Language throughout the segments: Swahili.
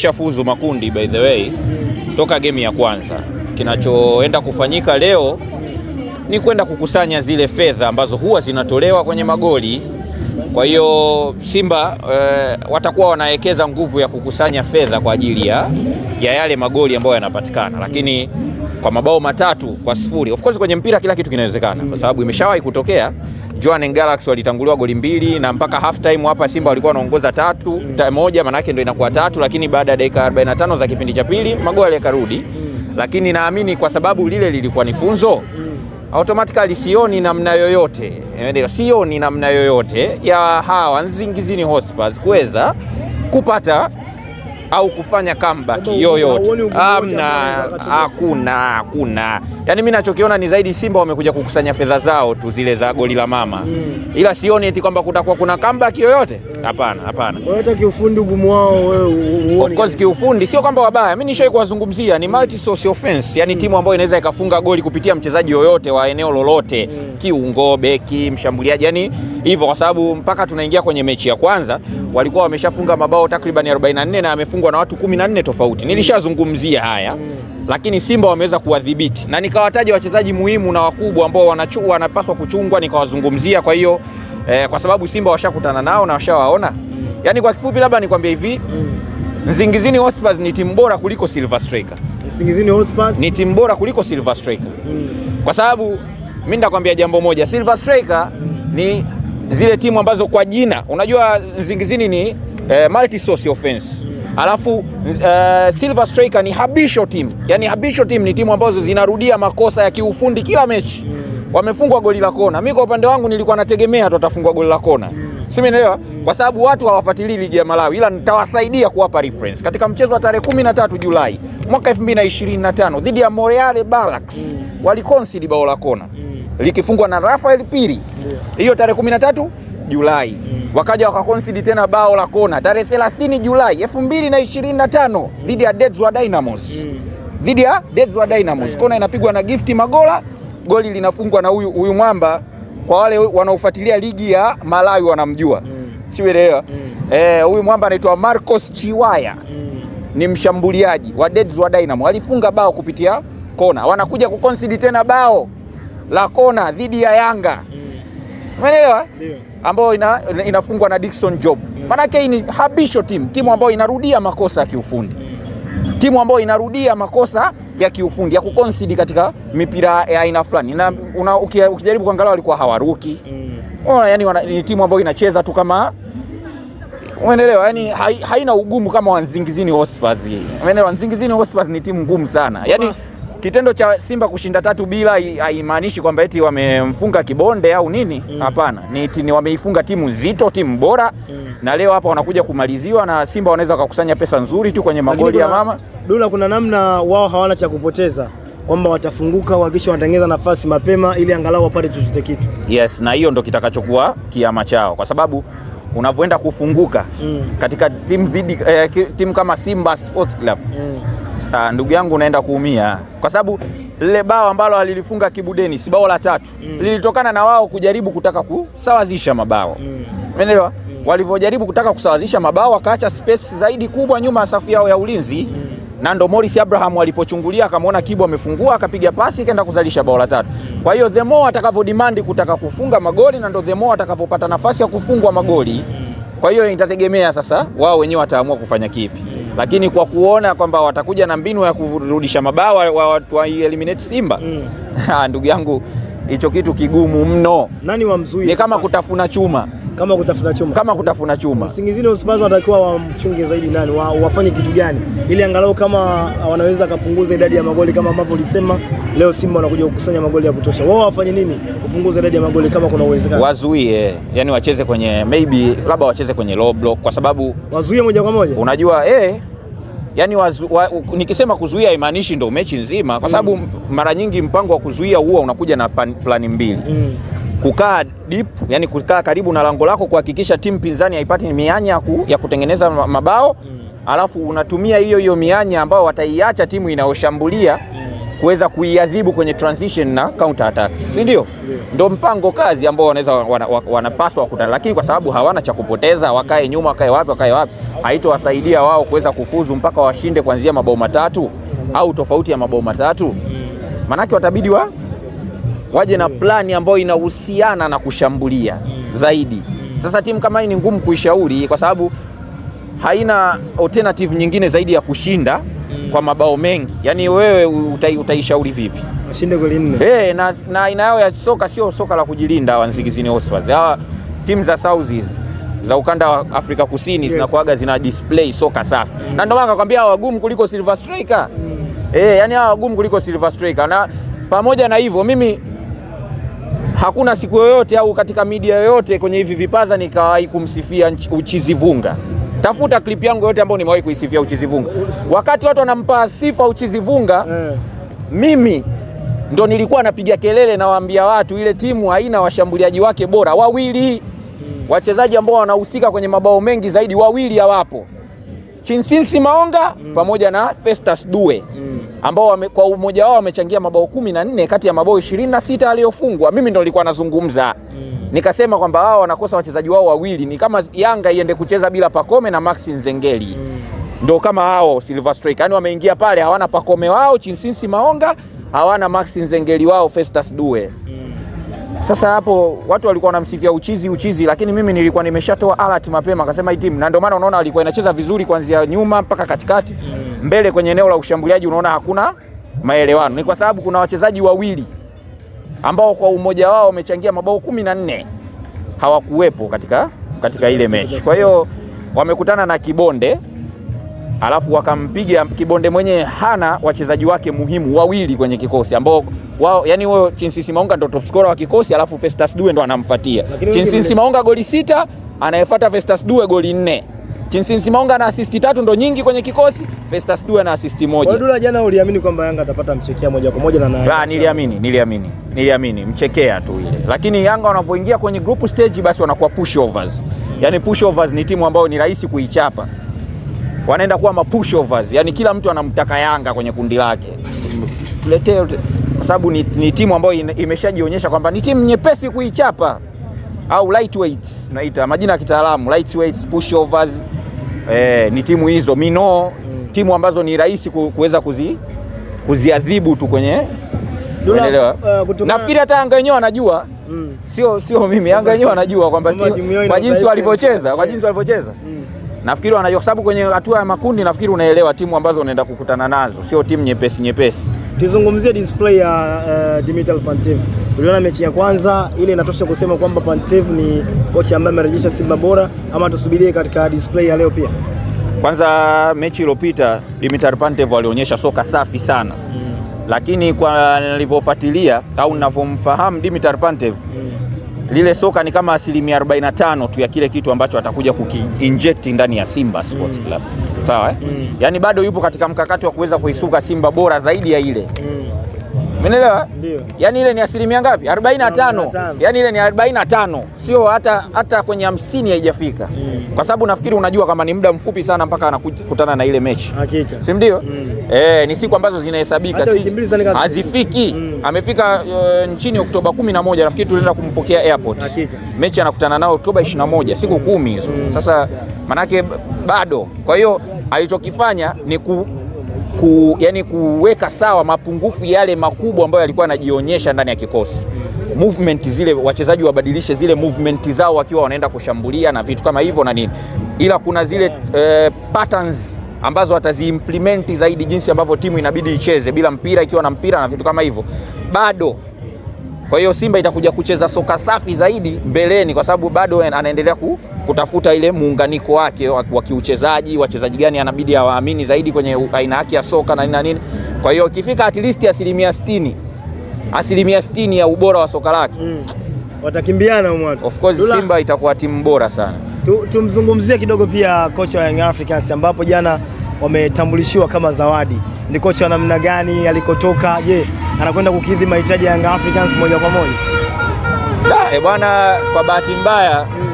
Shafuzu makundi by the way toka gemu ya kwanza. Kinachoenda kufanyika leo ni kwenda kukusanya zile fedha ambazo huwa zinatolewa kwenye magoli. Kwa hiyo Simba e, watakuwa wanawekeza nguvu ya kukusanya fedha kwa ajili ya, ya yale magoli ambayo yanapatikana, lakini kwa mabao matatu kwa sifuri. Of course kwenye mpira kila kitu kinawezekana, kwa sababu imeshawahi kutokea Jwaneng Galaxy walitanguliwa goli mbili na mpaka half time hapa Simba walikuwa wanaongoza tatu mm. ta moja, manake ndio inakuwa tatu, lakini baada ya dakika 45 za kipindi cha pili magoli yakarudi, mm. lakini naamini kwa sababu lile lilikuwa ni funzo mm. automatically sioni namna yoyote, eh, sioni namna yoyote ya hawa nzingizini Hotspurs kuweza kupata au kufanya comeback yoyote, amna, hakuna hakuna. Yani mimi nachokiona ni zaidi Simba wamekuja kukusanya fedha zao tu zile za goli la mama mm. ila sioni eti kwamba kutakuwa kuna comeback yoyote, hapana hapana. Hata kiufundi ugumu wao wewe, of course kiufundi sio kwamba wabaya, mimi nishawahi kuwazungumzia ni multi source offense, yani mm. timu ambayo inaweza ikafunga goli kupitia mchezaji yoyote wa eneo lolote mm. kiungo, beki, mshambuliaji, yani hivyo, kwa sababu mpaka tunaingia kwenye mechi ya kwanza mm. walikuwa wameshafunga mabao takriban 44 na amefunga wamefungwa na watu kumi na nne tofauti, nilishazungumzia haya lakini Simba wameweza kuwadhibiti na nikawataja wachezaji muhimu na wakubwa ambao wanapaswa kuchungwa, nikawazungumzia. Kwa hiyo eh, kwa sababu Simba washakutana nao na washawaona, yaani kwa kifupi labda nikwambie hivi Nzingizini Hotspurs ni timu bora kuliko Silver Striker. Nzingizini Hotspurs ni timu bora kuliko Silver Striker. Mm. Kwa sababu mimi nitakwambia jambo moja, Silver Striker ni zile timu ambazo kwa jina unajua Nzingizini ni eh, multi source offense. Mm alafu uh, Silver Striker ni habisho team. Yani habisho team ni timu ambazo zinarudia makosa ya kiufundi kila mechi wamefungwa goli la kona. Mimi kwa upande wangu nilikuwa nategemea tutafungwa goli la kona, si umeelewa? Kwa sababu watu hawafuatilii ligi ya Malawi, ila nitawasaidia kuwapa reference katika mchezo wa tarehe 13 Julai mwaka 2025 dhidi ya Moreale Barracks, walikonsidi bao la kona likifungwa na Rafael Piri hiyo tarehe 13 Julai mm. wakaja wakakonsidi tena bao la kona tarehe 30 Julai 2025 mm. dhidi ya Dedzwa Dynamos mm. dhidi ya Dedzwa Dynamos kona inapigwa na Gift Magola, goli linafungwa na huyu huyu mwamba. Kwa wale wanaofuatilia ligi ya Malawi wanamjua mm. siuelewa huyu mm. eh, huyu mwamba anaitwa Marcos Chiwaya mm. ni mshambuliaji wa Dedzwa Dynamos, alifunga bao kupitia kona. Wanakuja kukonsidi tena bao la kona dhidi ya Yanga mm umeelewa? Eh? Ambayo ina, inafungwa na Dickson Job. Maanake hii ni habisho timu, timu ambayo inarudia makosa ya kiufundi, timu ambayo inarudia makosa ya kiufundi ya kuconcede katika mipira ya aina fulani, na ukijaribu kuangalia walikuwa hawaruki oh, yani wana, ni timu ambayo inacheza tu kama Umeelewa? Yaani haina ugumu kama wanzingizini Nsingizini Umeelewa? Nsingizini Hotspurs ni timu ngumu sana. Yaani Kitendo cha Simba kushinda tatu bila haimaanishi kwamba eti wamemfunga kibonde au nini, mm. hapana. Mm. Ni, ni wameifunga timu nzito, timu bora mm. na leo hapa wanakuja kumaliziwa na Simba wanaweza wakakusanya pesa nzuri tu kwenye magoli ya mama Dula. Kuna namna wao hawana cha kupoteza kwamba watafunguka wakisha wanatengeza nafasi mapema ili angalau wapate chochote kitu. Yes, na hiyo ndo kitakachokuwa kiama chao kwa sababu unavyoenda kufunguka mm. katika timu, eh, timu kama Simba Sports Club mm. Ah, ndugu yangu unaenda kuumia kwa sababu lile bao ambalo alilifunga Kibudeni si bao la tatu mm. lilitokana na wao kujaribu kutaka kusawazisha mabao mm. umeelewa? mm. mm. walivyojaribu kutaka kusawazisha mabao wakaacha space zaidi kubwa nyuma ya safu yao ya ulinzi mm. na ndo Morris Abraham alipochungulia akamwona Kibu amefungua akapiga pasi ikaenda kuzalisha bao la tatu. Kwa hiyo the more atakavyo demand kutaka kufunga magoli na ndo the more atakavyopata nafasi ya kufungwa magoli. Mm. Kwa hiyo itategemea sasa wao wenyewe wataamua kufanya kipi lakini kwa kuona kwamba watakuja na mbinu ya kurudisha mabao wa, wa, wa eliminate Simba mm. Ah, ndugu yangu, hicho kitu kigumu mno. Nani wamzuie? Ni kama kutafuna chuma kama kutafuna chuma kama kutafuna chuma. Msingizini Uspurs wanatakiwa wamchunge zaidi nani, wa, wafanye kitu gani ili angalau kama wanaweza akapunguza idadi ya magoli kama ambavyo ulisema leo, Simba wanakuja kukusanya magoli ya kutosha. Wao wafanye nini kupunguza idadi ya magoli kama kuna uwezekano? Wazuie, yani wacheze kwenye maybe, labda wacheze kwenye low block, kwa sababu wazuie moja kwa moja, unajua eh yani wazu, wa, nikisema kuzuia haimaanishi ndo mechi nzima, kwa sababu mm. mara nyingi mpango wa kuzuia huwa unakuja na pan, plani mbili mm. kukaa deep, yani kukaa karibu na lango lako kuhakikisha timu pinzani haipati mianya ya kutengeneza mabao mm. alafu unatumia hiyo hiyo mianya ambayo wataiacha timu inayoshambulia mm. kuweza kuiadhibu kwenye transition na counter attacks, si ndio? yeah. ndo mpango kazi ambao wanaweza wanapaswa wana, wana kutana, lakini kwa sababu hawana cha kupoteza, wakae nyuma, wakae wapi, wakae wapi haitowasaidia wao kuweza kufuzu mpaka washinde kuanzia mabao matatu au tofauti ya mabao matatu? Maanake watabidi wa waje na plani ambayo inahusiana na kushambulia zaidi. Sasa timu kama hii ni ngumu kuishauri kwa sababu haina alternative nyingine zaidi ya kushinda kwa mabao mengi. Yaani wewe utaishauri vipi? Washinde goli nne. Eh, na aina yao ya soka sio soka la kujilinda Wanzigizini Oswalds. Hawa timu za South za ukanda wa Afrika Kusini yes. zinakuaga zina display soka safi mm. na ndio maana nakwambia wagumu kuliko Silver Striker mm. eh, yani hawa wagumu kuliko Silver Striker. Na pamoja na hivyo mimi hakuna siku yoyote au katika media yoyote kwenye hivi vipaza nikawahi kumsifia Uchizivunga. Tafuta klipu yangu yote ambayo nimewahi kuisifia Uchizivunga. Wakati watu wanampa sifa Uchizivunga mm. Eh. mimi ndo nilikuwa napiga kelele, nawaambia watu ile timu haina washambuliaji wake bora wawili wachezaji ambao wanahusika kwenye mabao mengi zaidi wawili hawapo, Chinsinsi Maonga mm. pamoja na Festus Due mm. ambao wame, kwa umoja wao wamechangia mabao kumi na nne kati ya mabao ishirini na sita aliyofungwa. Mimi ndo nilikuwa nazungumza mm. nikasema kwamba wao wanakosa wachezaji wao wawili, ni kama Yanga iende kucheza bila Pakome na Maxi Nzengeli mm. ndo kama hao Silver Strike, yani wameingia pale, hawana Pakome wao Chinsinsi Maonga, hawana Maxi Nzengeli wao Festus Due mm. Sasa hapo watu walikuwa wanamsifia uchizi uchizi, lakini mimi nilikuwa nimeshatoa alert mapema, akasema hii timu, na ndio maana unaona alikuwa inacheza vizuri kuanzia nyuma mpaka katikati mm. mbele, kwenye eneo la ushambuliaji unaona hakuna maelewano. Ni kwa sababu kuna wachezaji wawili ambao kwa umoja wao wamechangia mabao kumi na nne hawakuwepo katika, katika ile mechi. Kwa hiyo wamekutana na kibonde alafu wakampiga kibonde mwenye Hana wachezaji wake muhimu wawili kwenye kikosi ambao wao, yani huyo Chinsisi Maunga ndo top scorer wa kikosi, alafu Festus Due ndo anamfuatia. Chinsisi Maunga goli sita, anayefuata Festus Due goli nne. Chinsisi Maunga na assist tatu ndo nyingi kwenye kikosi, Festus Due na assist moja. Dula, jana uliamini kwamba Yanga atapata mchekea moja kwa moja na naye? Ah, niliamini, niliamini. Niliamini mchekea tu ile. Lakini Yanga wanapoingia kwenye group stage basi wanakuwa pushovers. Yaani pushovers ni timu ambayo ni rahisi kuichapa wanaenda kuwa mapushovers, yani kila mtu anamtaka Yanga kwenye kundi lake letee, kwa sababu ni, ni timu ambayo imeshajionyesha kwamba ni timu nyepesi kuichapa au lightweight naita majina ya kitaalamu lightweight pushovers. Eh, ni timu hizo mino, timu ambazo ni rahisi kuweza kuzi kuziadhibu tu kwenye unaelewa. Uh, nafikiri hata Yanga wenyewe anajua mm. Sio sio mimi, Yanga wenyewe anajua kwamba kwa jinsi walivyocheza, kwa eh. jinsi walivyocheza mm nafikiri wanajua, kwa sababu kwenye hatua ya makundi nafikiri unaelewa timu ambazo unaenda kukutana nazo, sio timu nyepesi nyepesi. Tuzungumzie display ya uh, eh, Dimitar Pantev. Uliona mechi ya kwanza ile, inatosha kusema kwamba Pantev ni kocha ambaye amerejesha Simba bora, ama tusubirie katika display ya leo pia? Kwanza mechi iliyopita Dimitar Pantev alionyesha soka safi sana mm. Lakini kwa nilivyofuatilia au ninavyomfahamu Dimitar Pantev mm lile soka ni kama asilimia 45 tu ya kile kitu ambacho atakuja kukiinject ndani ya Simba Sports Club. Sawa eh? Mm. Yaani bado yupo katika mkakati wa kuweza kuisuka Simba bora zaidi ya ile mm. Umeelewa? Ndio. Yaani ile ni asilimia ngapi? 45. Yaani ile ni 45, sio hata hata kwenye hamsini haijafika mm. Kwa sababu nafikiri unajua kama ni muda mfupi sana mpaka anakutana na ile mechi, si ndio? mm. Eh, ni siku ambazo zinahesabika hazifiki mm. Amefika uh, nchini Oktoba 11 nafikiri tulienda kumpokea airport. Hakika. Mechi anakutana nao Oktoba 21 siku kumi hizo mm. Sasa manake bado, kwa hiyo alichokifanya ni ku ku, yani kuweka sawa mapungufu yale makubwa ambayo yalikuwa yanajionyesha ndani ya kikosi movement zile, wachezaji wabadilishe zile movement zao wakiwa wanaenda kushambulia na vitu kama hivyo na nini, ila kuna zile eh, patterns ambazo wataziimplementi zaidi jinsi ambavyo timu inabidi icheze bila mpira, ikiwa na mpira na vitu kama hivyo bado. Kwa hiyo Simba itakuja kucheza soka safi zaidi mbeleni, kwa sababu bado anaendelea ku kutafuta ile muunganiko wake wa kiuchezaji, wachezaji gani anabidi awaamini zaidi kwenye aina yake ya soka na nini nini. Kwa hiyo ikifika at least asilimia 60 asilimia 60 ya ubora wa soka lake mm. watakimbiana watu. Of course Dula. Simba itakuwa timu bora sana. Tumzungumzie tu kidogo pia kocha wa Young Africans ambapo jana wametambulishiwa kama zawadi. Ni kocha wa namna gani? Alikotoka je, anakwenda kukidhi mahitaji ya Young Africans moja kwa moja? Ah, eh bwana, kwa bahati mbaya mm.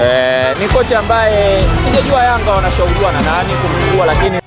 E, ni kocha ambaye sijajua Yanga wanashauriwa na nani kumchukua lakini